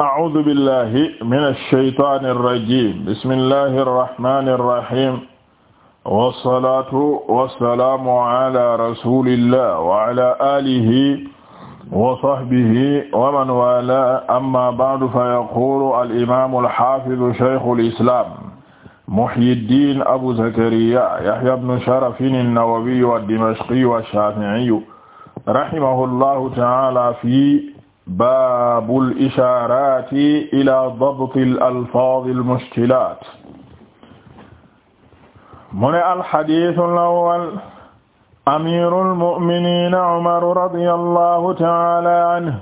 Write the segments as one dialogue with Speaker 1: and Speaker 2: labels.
Speaker 1: أعوذ بالله من الشيطان الرجيم بسم الله الرحمن الرحيم والصلاة والسلام على رسول الله وعلى آله وصحبه ومن والاه أما بعد فيقول الإمام الحافظ شيخ الإسلام محيي الدين أبو زكريا يحيى بن شرف النووي الدمشقي والشافعي رحمه الله تعالى في baabul ishaaraati ilaa dabtil alfaadil mushkilaat mu ne alxadiisul awwal amiirul mu'miniina Umar radiyallaahu ta'aalaa anhu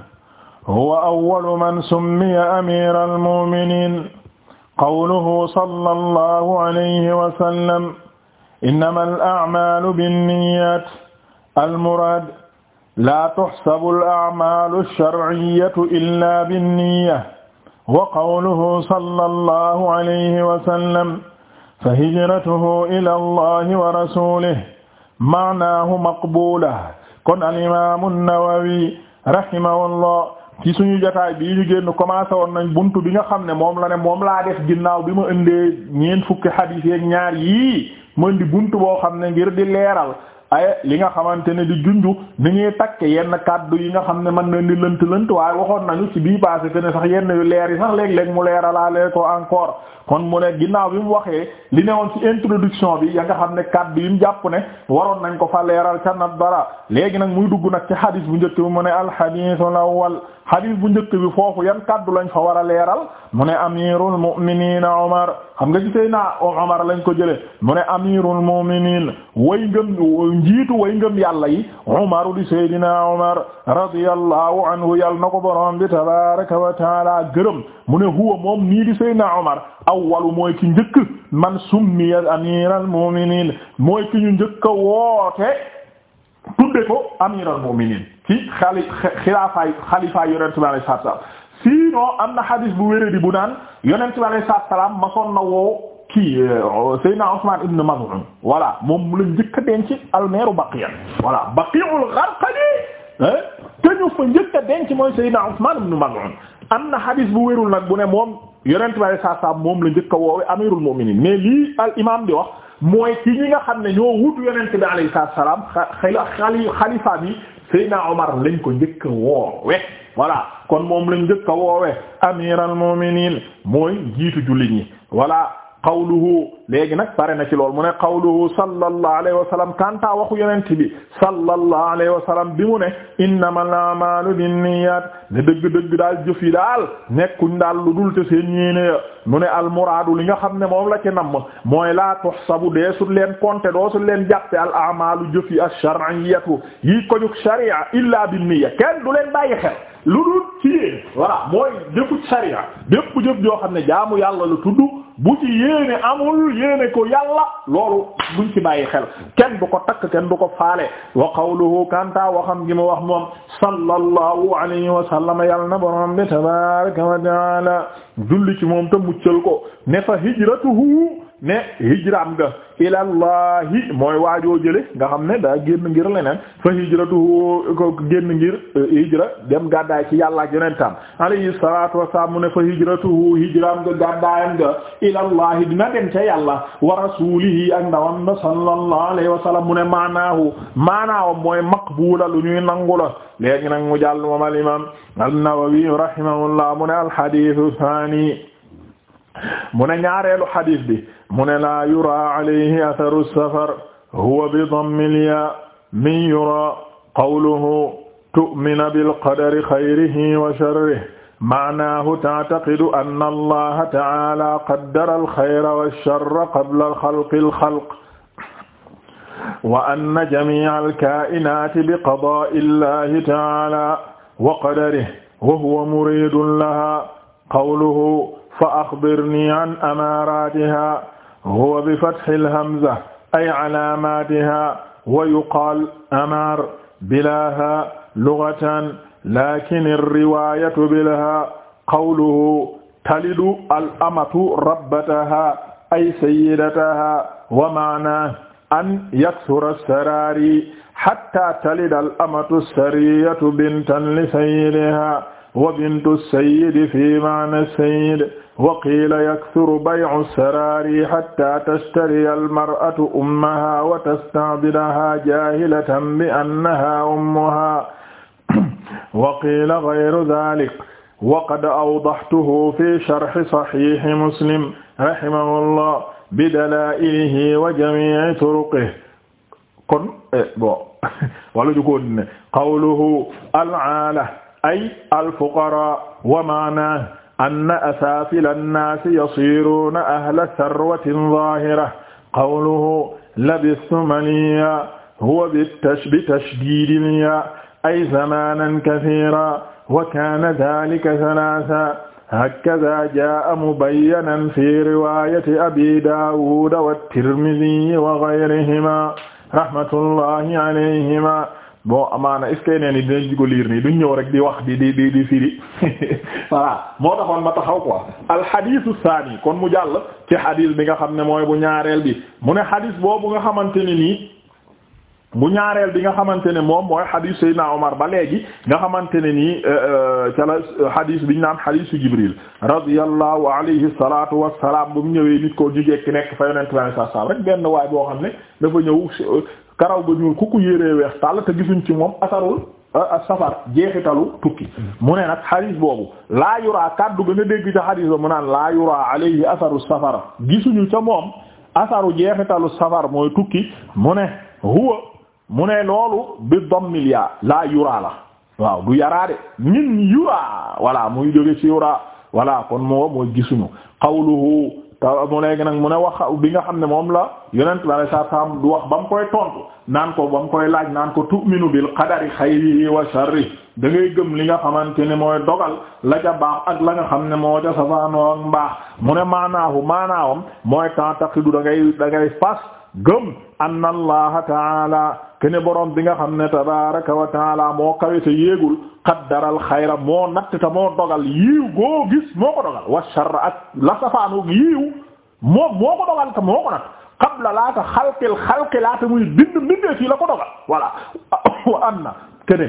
Speaker 1: huwa awwalu man summiya amiiral mu'miniin qawluhu sallallaahu alayhi wa sallam innamal a'maalu binniyaat al muraad laa tuxsabu al-a'maalu ash-shar'iyyatu illaa bin-niyya wa qawluhu sallallahu alayhi wa sallam fa hijratuhu ilaa Allahi wa rasuulihi ma'naahu maqbuula kon al-imaamu an-Nawawi rahimahullah ci suñu jotaay bii ñu génn commencé woon nañ buntu bi nga xam ne moom la ne moom laa def ginnaaw bi ma indee ñeent fukki xadiis ak ñaar yii ma indi buntu boo xam ne ngir di leeral ay li nga xamante ne di junju ni ñuy takke yenn kàddu yi nga xam ne mën na ni lënt lënt waaye waxoon nañu ci bii passé que ne sax yenn yu leer yi sax léeg-léeg mu leeralaale ko encore kon mu ne ginnaaw bi mu waxee li ne woon ci introduction bi ya nga xam ne kàddu yi mu jàpp ne waroon nañ ko fa leeral ca nat dara léegi nag muy dugg nag ci xadis bu njëkk bi mu ne alxadisul awwal xadis bu njëkk bi foofu yan kàddu lañ fa war a leeral mu ne amirul mu'minin Omar xam nga gisee naa Omar lañ ko jëlee mu ne amirul njiitu way ngëm yàlla yi Umar di Seydina Umar radiyallahu anhu yal ko borom bi tabaraka wa mu ne huwa moom nii di Seydina Umar awwalu mooy ki njëkk man summiya amiral mu'minin mooy ki ñu a woote tudde ko amiral mu'minin ci xali xilaafaay xalifaay salaam sinon am na bu wéré di bu naan yonente bi alayhi salaam masoon na woo kii euh, Seydina Ousmane ibn Maz'un voilà moom la njëkk a denc almeeru Baqiya voilà Baqi'ul Gharqadi te ñu fa njëkk a denc mooy Seydina Ousmane ibn Maz'un am na hadis bu wérul nag bu ne moom yonent bi saa moom la njëkk a woowe amirul mu'minin mais lii al imam di wax mooy ci ñi nga xam ne ñoo wutu yonent bi alayhi salaam xali xalifa bi Seydina Omar lañ ko njëkk a woowe voilà kon moom lañ njëkk a woowe amirul mu'minin mooy jiitu jullit ñi voilà qawluhu léegi nag pare na ci lool mu ne qawluhu sallallahu alayhi wa sallam kanta waxu yonent bi sallallahu alayhi wa sallam bi mu ne innamal a'malu binniyat ne dëgg-dëgg daal jëf yi daal nekkuñ daal lu dul te seen ñéene ya mu ne almuraadu li nga xam ne moom la ci namm mooy laa tuhsabu deesut leen compter doosut leen jàppe al a'malu jëf yi ash-shar'iyyatu yi ko jug sharia illa binniyya kenn du leen bàyyi xel lu dul ci yéene voilà mooy jëfu sariya bépp jëf joo xam ne jaamu yàlla lu tudd bu ci yéene amul yéene ko yàlla loolu buñ ci bàyyi xel kenn du ko takk kenn du ko faale wa qawluhu kanta waxam gi ma wax moom sallallahu alayhi wa sallam yàlla na borom bi tabaraka wa ci moom te muccal ko ne fa hijratuhu ne hijraam nga ilallahi mooy waajoo jële nga xam ne daa génn ngir leneen fa hijratuhu ko génn ngir euh, hijra dem gàddaay ci yàlla ak yonentam alayhi salatu wasalaam mu ne fa hijratuhu hijraam nga gàddaayam nga ilallahi dina dem ca yàlla wa rasulihi ak ndawam na sallallahu alayhi wa mu ne maanaahu maanaawam mooy maqbula lu ñuy nangu la léegi nag mu jàll moom al imam an-Nawawi rahimahullah mu ne al hadithu thani mu ne ñaareelu hadith bi mu ne laa yura alayhi atharu safar huwa bi dammil yaa min yura qawluhu tu'minu bil qadari xayrihi wa sharrihi ma'naahu ta'taqidu anna allaha ta'aala qaddara al-xayra wash-sharra qabla xalqi al-xalq wa anna jamii'a al-kaa'inaati bi qadaa'i llaahi ta'aala wa qadarihi wa huwa muriidun lahaa qawluhu fa axbirnii an amaaraatihaa huwa bi fathil hamza ay alaamatiha wa yuqaal amaar bilaaha lughatan laakin riwaayatu bilha qawluhu talidu al amatu rabbataha ay sayyidataha wa maana an yaksura saraari hatta talida al amatu sariyatu bintan li sayyidiha wa bintu sayidi fi maana sayid wa qiila yakthuru bay'u saraari hatta tashtari almar'atu ummaha wa tasta'bidaha jaahilatan bi annaha ummuha wa qiila ghayru dhalik wa qad awdahtuhu fi sharhi sahihi muslim rahimahullah bi dalaa'ilihi wa jamii'i turuqihi kon eh, bon wala ju ko ne qawluhu al'aala ay alfuqara wa maana anna asaafil annaasi yasiruuna ahla sarwatin zaahira qawluhu labistu maniya huwa bitashdidin ya ay zamanan kasiira wa kaana daalika salaasa hakazaa jaa'a mubayyanan fi riwaayati abi daawuda wa tirmiziyi wa gayrihimaa rahmatullahi alayhimaa bon amaan est-ce ni yeneen yi dinañ ko liir nii duñ ñëw rek di wax di di di di firi voilà moo taxoon ma taxaw quoi alxadisu saani kon mu jàll ci xadis bi nga xam ne mooy bu ñaareel bi mu ne xadis boobu nga xamante ni nii bu ñaareel bi nga xamante ne moom mooy hadith Seydina Omar ba léegi nga xamante ne nii euh, euh, ca la hadith euh, bi ñu naan hadithu Jibril radiyallahu alayhi salatu wassalam bu mu ñëwee nit ko ñu jekki nekk fa yonent bi saa rek benn waay boo xam ne dafa ñëw karaw ba ñuul ku ko yéree weex tàll te gisuñ ci moom asarul safar jeexitalu tukki mm-hmm. mu ne nag hadith boobu laa yuraa kaddu gën a dégg ca hadith ba mu naan laa yuraa alayhi asaru safara gisuñu ca moom asaru jeexitalu safar mooy tukki mu mu ne loolu bi dammil yaa laa yuraa la waaw du yaraa de min yuraa voilà muy jóge ci yuraa voilà kon moo mooy gisuñu qawluhu ta mu léegi nag mu ne wax bi nga xam ne moom la yonent bi alei sat du wax ba mu koy tontu naan ko ba mu koy laaj naan ko tu'minu bil qadari xayrihi wa sharri da ngay gëm li nga xamante ne mooy dogal la ca baax ak la nga xam ne moo ca safaanoo ak mbaax mu ne maanaahu maanaawam mooy temps taqidu da fas gëm anna allaha taala kene borom bi nga xam ne tabaraka wa taala moo kawete yéegul qaddaral xayra moo natt ta moo dogal yiiw goo gis moo ko dogal wa sharra ak la safaanu yiiw moom moo ko dogal ta moo ko natt qabla laata xalqil xalqi laata muy bind mbindee fii la ko dogal voilà anna kene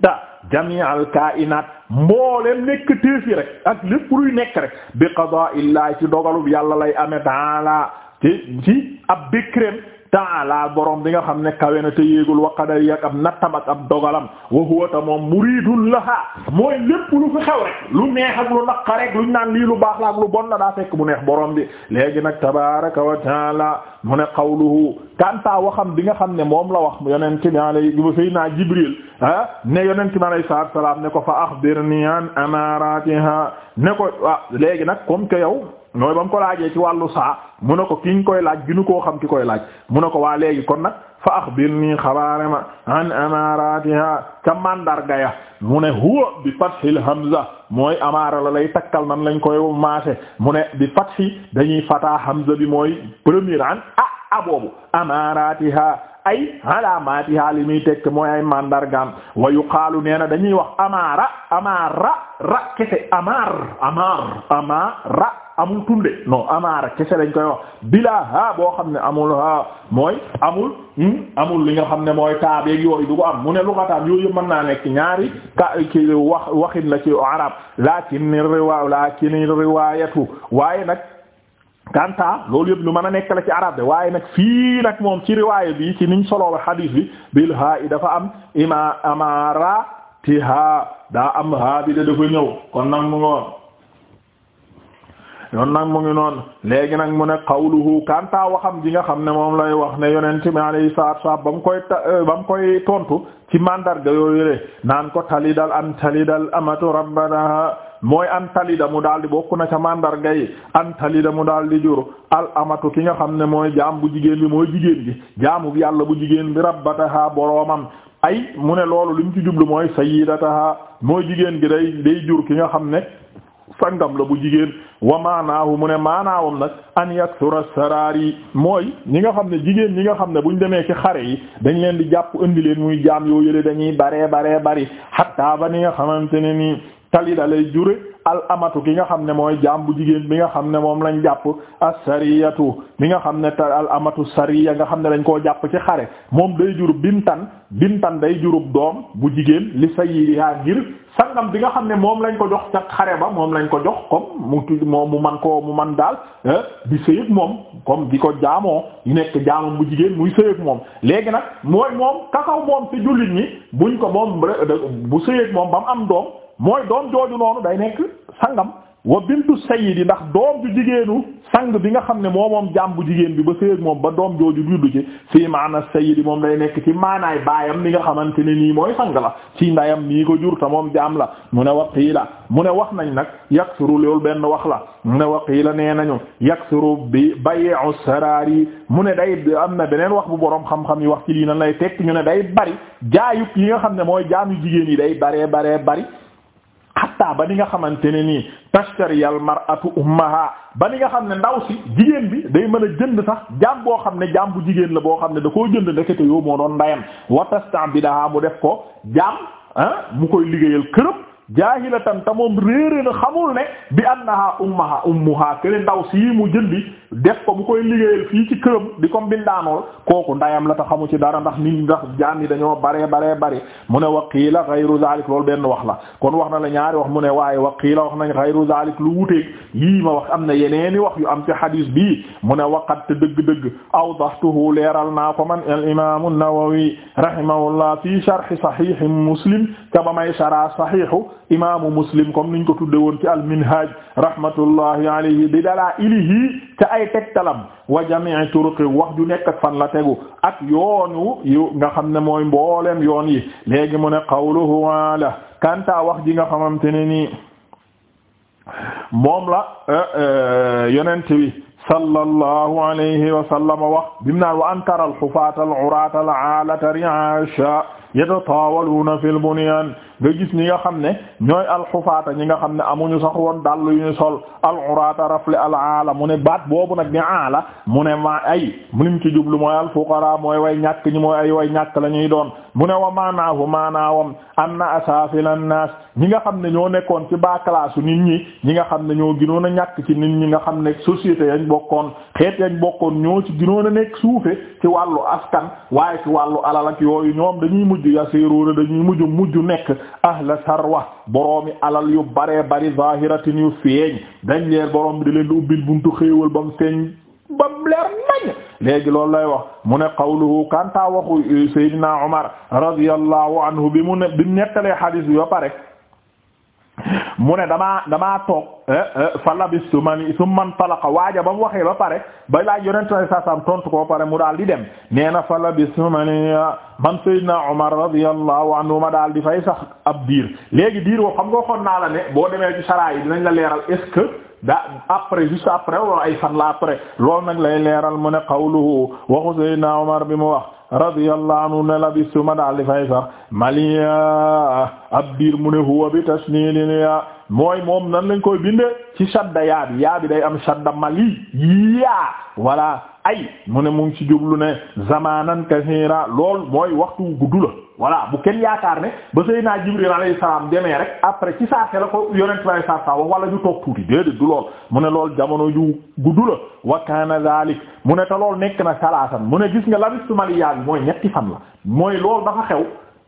Speaker 1: ta jami'al kaa'inaat mbooleem nekk téefi rek ak lépp luy nekk rek bi qadaa'illaahi ci dogalub yàlla lay ame taala ci ci ab décret ta'ala borom bi nga xam ne kawe na te yéegul wa qadari ak ab nattam ak ab dogalam wa huwa ta moom muridun laha mooy lépp lu fi xew rek lu neex lu naqa rek luñ naan lii lu baax la lu bon la daa fekk mu neex boroom bi léegi nag tabaraka wa taala mu ne qawluhu kanta waxam bi nga xam ne moom la wax yonent bi alayhi sayyidina Jibril ah ne yonent bi alayhi salaatu salaam ne ko fa axbirni an amaratiha ne ko ah léegi nag comme yow mooy ba mu ko laajee ci wàllu saa mu ne ko ki ñu koy laaj ginu koo xam ki koy laaj mu ne ko waa léegi kon nag fa axbirnii xabaare ma an amaratiha ca màndarga ya mu ne huwa bi fathil hamza mooy amaara la lay takkal nan lañ koy maase mu ne bi fathi dañuy fataa hamza bi mooy premier an ah a ah boobu amaratiha ay alaamatiha li muy tekk mooy ay mandargaam wa yuqaalu nee na dañuy wax amaara amaara ra kese amaar amaar amaara amul tunde non amaara kese lañ koy wax bila ha boo xam ne amul ha mooy amul hmm, amul li nga xam ne mooy taabeeg yooyu du am mu ne luxataan yooyu yëpp mën naa nekk ñaari ka ki wax waxin la ci arab lakin riwa lakin riwayatu waaye nag kanta loolu yëpp lu mën a nekk ci arab waaye nag fii nag moom ci riwaaya bi ci niñ soloowe hadis bi bil ha i dafa am ima amara ti ha daa am ha bi de dafa ñëw kon nag mu ngoon ngi noonu léegi nag mu ne qawluhu kanta waxam ji nga xam ne moom lay wax ne yonent mi alayhi salaatu wa ba mu koy eh, ba mu koy tontu ci mandarga yooyu le naan ko talidal am dal amatu rabbanaha mooy antali talida mu daal di bokk na ca mandarga yi an talida mu daal di jur al amatu ki nga xam ne mooy jaam bu jigéen bi mooy jigéen bi jaamu bi yàlla bu jigéen bi rabbataha boroomam ay mu ne loolu li mu ci jublu mooy sayyidataha mooy jigéen gi day day jur ki nga xam ne sangam la bu jigéen wa maanaahu mu ne maanaawam nag an yaksura sarari mooy ñi nga xam ne jigéen ñi nga xam ne buñ demee ci xare yi dañ leen di jàpp indi leen muy jaam yoo yële dañuy baree baree bari hatta ba ni nga xamante ne nii tali da lay jure al amatu ki nga xam ne mooy jaam bu jigéen bi nga xam ne moom lañ jàpp as-sariyatu bi nga xam ne al amatu sariya nga xam ne dañ koo jàpp ci xare moom day jur bintan bintan day jurub doom bu jigéen li sayyidiha ngir sangam bi nga xam ne moom lañ ko jox ca xare ba moom lañ ko jox comme mu mu man koo mu man daal eh, di sëyëg moom comme di ko jaamoo nekk jaamam bu jigéen muy sëyëg moom léegi nag mooy moom kakaw moom ci jullit ñi buñ ko moom bu sëyëg moom ba mu am doom mooy doom jooju noonu day nekk sangam wa bintu sayyidi ndax doom ju jigéenu sang bi nga xam ne moo moom jaam bu jigéen bi ba séeg moom ba doom jooju juddu ci fii maana sayyidi moom day nekk ci maanaay baayam li nga xamante ne nii mooy sang la ci ndayam nii ko jur ta moom jaam la mu ne waqiila mu ne wax nañ nag yaksuru loolu benn wax la mu ne waqiila nee nañu yaksuru bi bay'u sarari mu ne day am na beneen wax bu boroom xam-xam yi wax ci lii na lay tekk ñu ne day bari jaayub yi nga xam ne mooy jaam jigéen yi day baree baree bari hatta ba ni nga xamante ne nii tashtari al mar'atu ummaha ba ni nga xam ne ndaw si jigéen bi day mën a jënd sax jaam boo xam ne jaam bu jigéen la boo xam ne da koo jënd ndekete yoo moo doon ndayam wa tastambidaha mu def ko jaam ah mu koy liggéeyal kërëb jaahilatan ta moom réere na xamul ne bi annaha ummaha ummuha te ndaw sii mu jëndi def ko bu koy liggéeyal fii ci këram di ko mbindaanool kooku ndayam la ta xamu ci dara ndax nit ndax jaam yi dañoo baree baree bari mu ne wa qiila ghayru zalik loolu benn wax la kon wax na la ñaari wax mu ne waaye wa qiila wax nañ ghayru zalik lu wuteeg yii ma wax am na yeneeni wax yu am ci hadis bii mu ne waqat te dëgg-dëgg awdahtuhu leeral naa ko man al imam an-Nawawi rahimahullah fi sharh sahih muslim ta ba may shara sahihu imaamu muslim comme niñ ko tudde woon ci al-minhaj rahmatullahi alayhi bi dalaa ilihi ca ay tegtalam wa jami'i turuqi wax ju nekk ak fan la tegu ak yoonu yu nga xam ne mooy mboolem yoon yi léegi mu ne qawluhu ala kanta wax ji nga xamante ne nii moom la eh, eh, yonent wi sallallahu alayhi wa sallam wax bim naan wa ankara al-hufata al-urata al-alata ri'asha yatatawaluna fil bunyan nga gis ñi nga xam ne ñooy alxufaata ñi nga xam ne amuñu sax woon dàll ñu sol alxuraata rafle alaala mu ne baat boobu nag ni aala mu ne ma ay mu nim ci jublu mooy alfuqara mooy way ñàkk ñi mooy ay way ñàkk la ñuy doon mu ne wa maanaahu maanaawam anna asaafilan naas ñi nga xam ne ñoo nekkoon ci baa classe nit ñi ñi nga xam ne ñoo ginoon a ñàkk ci nit ñi nga xam ne société yañ bokkoon xeet yañ bokkoon ñoo ci gënoon a nekk suufe ci wàllu askan waaye ci wàllu alal ak yooyu ñoom dañuy mujj yasiruuna dañuy mujj mujj nekk ahla sarwa boroomi alal yu baree bari zahiratin yu feeñ dañ leen borom bi di leen du ubbil buntu xéewal ba mu feeñ ba mu leer nañ léegi loolu lay wax mu ne qawluhu kanta waxu eh, Seydina Omar radiyallahu anhu bi mu ne bi nettalee bi ba pare mu ne damaa damaa toog eh, eh, fa labistu mani summa intalaqa waaja ba mu waxee ba pare ba laaj yonente ali saa salam tontu ko pare mu daal di dem nee na fa labistu mani man sayyidna Umar radiyallahu anhu ma daal di fay sax ab diir léegi diir woo xam nga xoon naa ne boo demee ci saraa yi dinañ la leeral est-ce que da après juste après wala ay fan la après loolu nag lay leeral mu ne qawluhu waxu sayyidna Umar bi mu wax radiyallahu anhu ne labistu ma daal di fay sax maliya ab biir mu ne huwa bi tasniin yaa mooy moom nan lañ koy binde ci shadda yaa bi yaa day am shadda mali yaa walla ay mu ne mu ngi ci jublu ne zamanan kasiira lool mooy waxtu gudd la voilà bu kenn yaakaar ne ba Seydina Jibril alayhi salaam demee rek après ci saa la ko yonent bi alayhi salaam wax wala ñu toog tuuti déedéet du lool mu ne lool jamono ju gudd la wa kaana zaalik mu ne te lool nekk na salaasan mu ne gis nga labistu mali yaa mooy ñetti fan la mooy lool dafa xew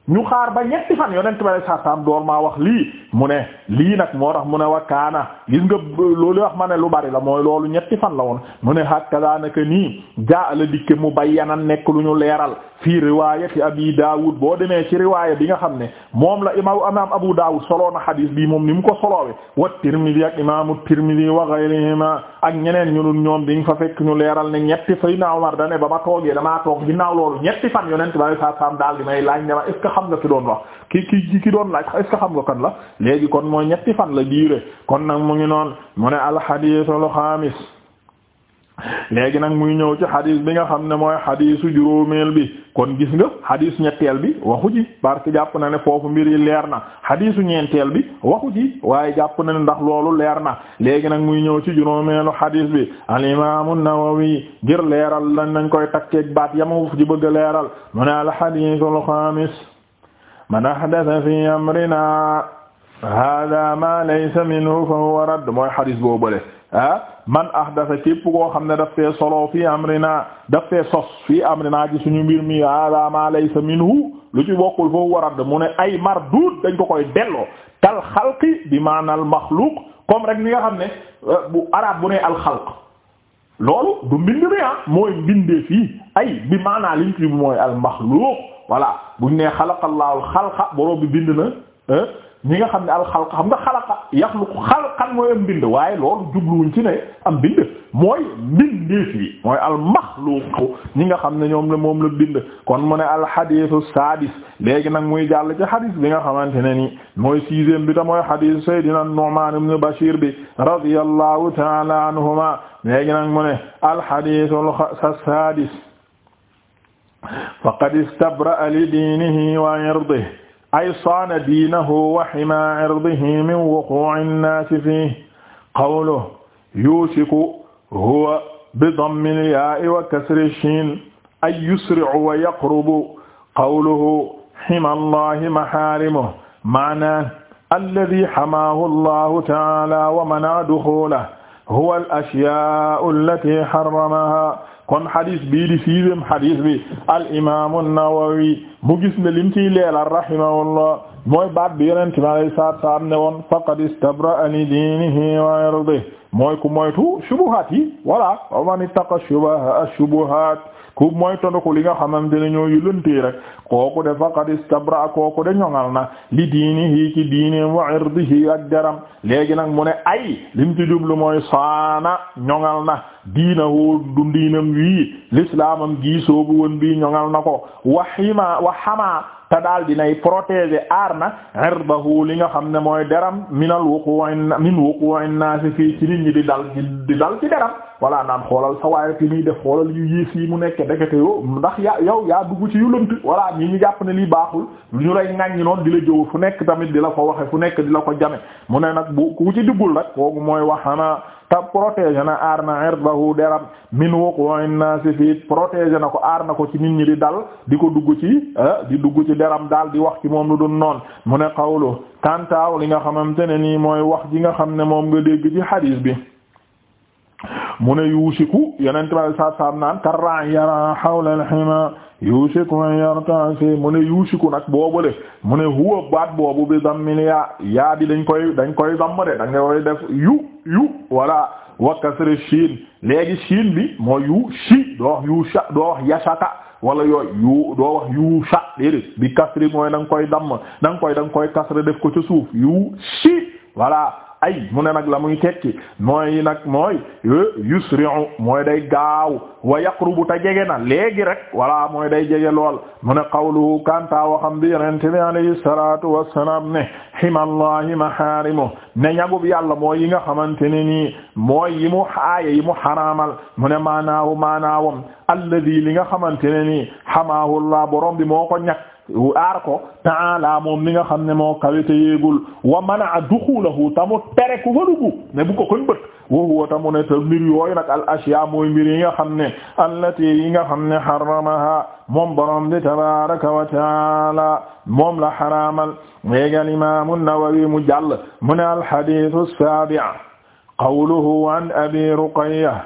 Speaker 1: ñu xaar ba ñetti fan yonent bi sallallahu alayhi wasallam door maa wax lii mu ne lii nag moo tax mu ne wakkaana gis nga loolu wax ma ne lu bari la mooy loolu ñetti fan la woon mu ne hakka daanaka nii jaa la dikke mu yenan nekk lu ñu leeral fii riwaayati abi daawud boo demee ci riwaaya bi nga xam ne moom la imaam imaam abu daawud solo na xadis bi moom ni mu ko soloowe wa tirmidi ak imaamu tirmidi wa gayrihima ak ñeneen ñu dul ñoom diñ fa fekk ñu leeral ne ñetti sayna Umar dane ba ma toogee damaa toog naaw loolu ñetti fan yonent ba saa saam daal di may laaj ne ma est ce que xam nga ki doon wax ki ki ki doon laaj est ce que xam nga kan la léegi kon mooy ñetti fan la diire kon nag mu ngi noon mu ne alxadiisul xaamis léegi nag muy ñëw ci xadis bi nga xam ne mooy xadisu juróomeel bi kon gis nga xadis ñetteel bi waxu ji parce jàpp na ne foofu mbir yi leer na xadisu ñeenteel bi waxu ji waaye jàpp na ne ndax loolu leer na léegi nag muy ñëw ci juróomeelu xadis bi al imam an ngir leeral lañ nañ koy takkeeg baat yama ci bëgg a leeral mu ne al xadisul xaamis man ahdatha fi amrina hada ma laysa minhu fa huwa radd mooy xadis boobale ah man ahdasa képp koo xam ne daf fee solo fii amrina daf fee sos fii amrina ci suñu mbir mi hada laysa minhu lu ci bokkul foofu warad mu ne ay mardud dañ ko koy delloo kal xalqi bi maanaal maxluq comme rek li nga xam ne euh, bu arab bu ne al loolu du mbind mi ah mooy mbindee fii ay bi maanaa liñ ci mooy al maxluq buñ ne xalaqallahu al xalqa borom bind na ñi nga xam ne alxalq xam nga xalaqa yaxluqu xalqan mooy am bind waaye loolu jubluwuñ ci ne am bind mooy mbindeef yi mooy almaxluqu ñi nga xam ne ñoom la moom la bind kon mu ne alxadisu sadis léegi nag muy jàll ci xadis bi nga xamante ne ni mooy sixième bi ta mooy xadisu saydina Nu'man ibn Bashir bi radiyallahu taala anhuma léegi nag mu ne alxadisu sadis faqad istabra'a li diinihi wa irdihi ay saana diinahu wa xima irdihi min wuqu'i nnaasi fiihi qawluhu yuusiku huwa bidammi lyaa'i wa kasri shiin ay yusri'u wa yaqrubu qawluhu xima allahi maxaarimuhu maanaahu alladii xamaahu allahu ta'aalaa wa mana'a duxuulahu huwa al ashyaa'u allatii xarramahaa kon hadith bii di sixième hadith bi al imaamu Nawawi mu gis ne lim ciy leelal rahimahullah mooy baat bi yonent bi alayhi salaatu salaam ne woon faqad istabra'a li diinihi wa irdihi mooy ku moytu shubuhaat yi voilà wa man ittaqa shubaha shubuhaat ku moytandiku li nga xamante ne ñooyu lëntee rek kooku de faqad istabra kooku de ñoŋal na li diinihi ci diine wa irdihi ak jaram léegi nag mu ne ay lim ci jublu mooy saana ñoŋal na diinahu du diinam wii lislaamam gii soobu woon bii ñoŋal na ko wa xima wa te daal dinay protéger aar na irdahu li nga xam ne mooy deram minal wuqu'i min wuqu'i naas fii ci nit ñi di dal di dal ci deram voilà naan xoolal sa waaye fi muy def xoolal yu mu nekk ndekete ndax yow yaa dugg ci yu lënt ñu jàpp ne lii baaxul lu ñu lay ŋàññi noonu di la jëw fu nekk tamit di la ko waxe fu nekk di ko jame mu ne nag bu ku ci duggul rek kooku mooy waxana te protéger na na irdahu deram min wuqu'i naas fii protéger na ko aar na ko ci nit ñi di dal di ko dugg ci ah, di dugg ci deram daal di wax ci moom lu dul noon mu ne xawlu kantaaw li nga xamante ne nii mooy wax ji nga xam ne moom nga dégg ci xadiis bi mu ne yuusiku yeneen tubaab saab saab naan karran yara hawla al-hima yuusiku an yartasi mu ne nag boobule mu ne huwa baat boobu bi dammil yaa yaa dañ koy dañ koy damm de da yu yu wala wa kasri shiin léegi shiin bi mooy yu shi doo yu sha yashaka wala yooyu yu doo wax yu sa déedéet bi kasri mooy da nga koy damm da koy da nga koy kasra def ko ca suuf yu si voilà ay mu ne nag la muy tekki mooy nag mooy yusri'u mooy day gaaw wa yaqrubu ta jege na léegi rek walla mooy day jege lool mu ne qawluhu kanta waxam bi yonente bi alayhi salatu wassalam ne himallahi maharimu ne ñagub yàlla mooy yi nga xamante ne nii mooy yi mu xaaye yi mu xaraamal mu ne maanaawu maanaawam alladi li nga xamante ne nii xamaahu allah borom bi moo ko ñak aar ko ta'ala moom mi nga xam ne moo kawe te yéegul wa manaa duxulahu tamu tere ku fa duggu ne bu ko koñ bët wa huwa tamu ne te mbir yooyu nag al ashiya mooy mbir yi nga xam ne allati yi nga xam ne haramaha moom borom di tabaraka wa taala moom la xaraamal léegi al imam an-Nawawi mu jàll mu ne al hadith as-sabi' qawluhu an abi ruqayya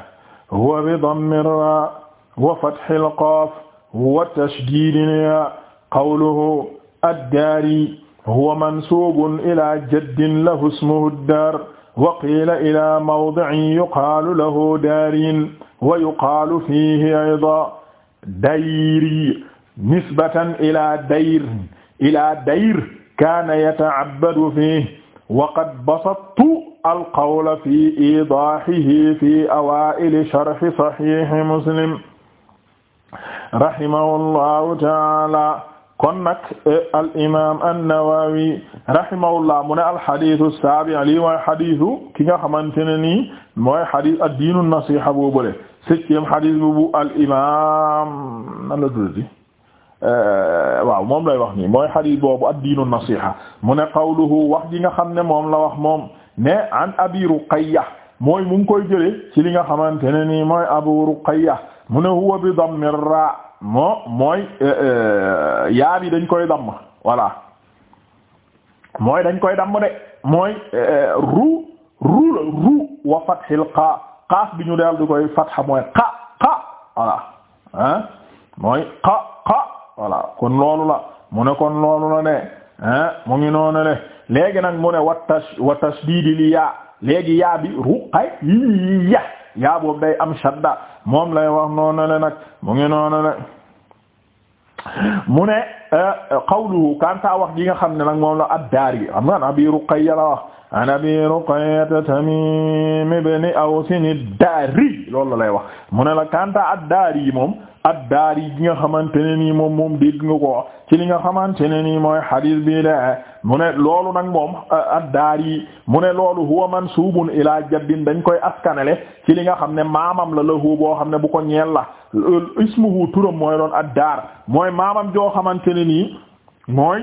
Speaker 1: huwa bi dammi ra wa fathil qaaf wa tashdidin ya qawluhu addaari huwa mansuubun ilaa jaddin lahu ismuhu addaar wa qiila ilaa mawdicin yuqaalu lahu daariin wa yuqaalu fiihi aydan dayri nisbatan ilaa dayr ilaa dayr kaana yata'abbadu fiihi wa qad basattu alqawla fi idaahihi fi awaa'ili sharhi sahiihi muslim rahimahu llahu ta'aala kon nag e, al imaam an-Nawawi rahimahullah mu ne alxadisu saabi lii mooy xadisu ki nga xamante ne nii mooy xadis ad-diinu nasiha boobule septième xadis boobu e, waaw moom lay wax nii mooy xadis boobu ad-diinu nasiha mu ne qawluhu wax ji nga xam ne moom la wax moom ne an abi Ruqayya mooy mu ngi koy jëlee ci li nga xamante ne nii mooy abu Ruqayya mu ne huwa bi dammir moo mooy euh, euh, yaa bi dañ koy damm voilà mooy dañ koy damm de mooy euh, ru ru ru wa fathil qaa qaaf bi ñu daal di koy fatha mooy qa qa voilà ah mooy qa qa voilà kon loolu la mu ne kon loolu la ne ah mu ngi noonu ne léegi nag mu wa tash wa tashdid li yaa léegi yaa ru ay ya yaa boobu day am shadda moom lay wax noonu nag mu ngi noonu le mu ne Eh, qawluhu kanta wax gi nga xam ne nag moom la ad-Daari am naan Abi Ruqayya la wax an Abi Ruqayya Tamim ibn Aws ad-Daari loolu lay wax mu ne la kanta ad-Daari moom ad-Daari gi nga xamante ne nii moom moom dégg ko ci li nga xamante ne nii mooy hadis bi de mu ne loolu nag moom eh, ad-Daari mu ne loolu huwa mansuubun ilaa jaddin dañ koy askanale ci li nga xam ne maamam la lahu boo xam ne ko ñeel la ismuhu mooy maamam joo xamante ne nii mooy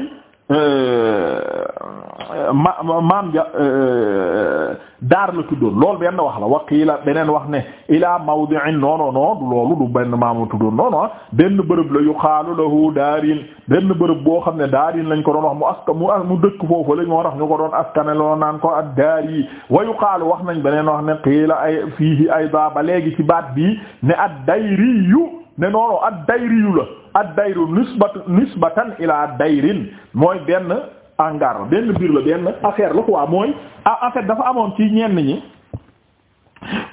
Speaker 1: euh, ma maam ja euh, daar la tuddoon lool benn wax la waqiila beneen wax ne ila mawdi'in non non non du loolu du benn maamu tuddoon non non benn bërëb la yu yuqaalu lahu daarin benn bërëb boo xam ne daarin lañ ko doon wax mu aska mu mu dëkk foofu la ñoo tax ñu ko doon askane loo naan ko ad daari wa yuqaalu wax nañ beneen wax ne qiila ay fiihi ayda ba léegi ci baat bi ne ad dayri yu ne noonu ad dayri yu la ad dayru nisbat nisbatan ila dayrin mooy benn angar la benn biir la benn affaire la quoi mooy ah, en fait dafa amoon ci ñenn ñi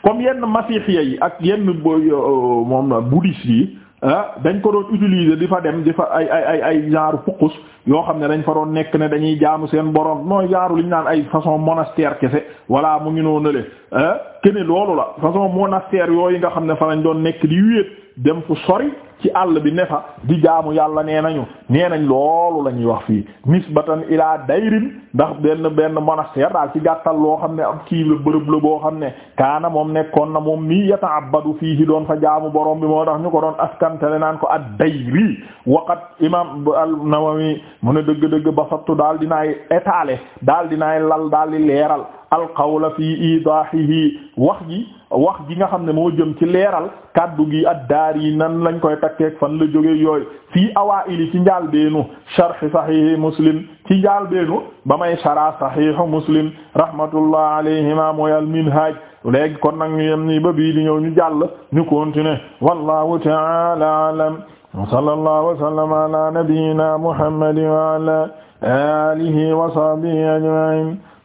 Speaker 1: comme yenn masixiya yi ak yenn euh, moom bouddhiste yi ah, dañ ko doon utiliser di fa dem di fa ay ay ay ay genre fukkus yoo xam ne dañ fa doon nekk ne dañuy jaamu seen borom mooy genre li ñu naan ay façon monastère kese walla mu ngi noonu le ah, kene loolu la façon monastère yooyu nga xam ne fa lañ doon nekk di wéet dem fu sori ci àll bi ne di jaamu yàlla nee nañu nee nañ loolu la ñuy wax fii nisbatan ilaa dayrin ndax benn benn monastère daal ci gàttal loo xam ne am kii la bërëb la boo xam ne kaana moom nekkoon na moom nii ab mi yata'abbadu fiihi doon fa jaamu borom bi moo tax ñu ko doon askantele naan ko ad-dayri waqat imam an-Nawawi mu ne dëgg-dëgg basattu daal dinaay étaler daal dinaay lal daal di leeral alqawla fi idahihi wax ji wax nga xam ne moo jëm ci leeral kaddu gi addaar yi nan lañ koy takkeek fan la jóge yooyu fii awaa'ili ci njaal beenu sharh sahihi muslim ci njaal beenu ba may shara sahihu muslim rahmatullah alayhima mooy al minhaj kon nag ñu yem nii ba bii di ñëw ñu jàll ñu continuer wallahu ta'ala alam wa sallallahu wa sallama ala nabiyyina muhammadin wa alihi wa sahbihi ajma'in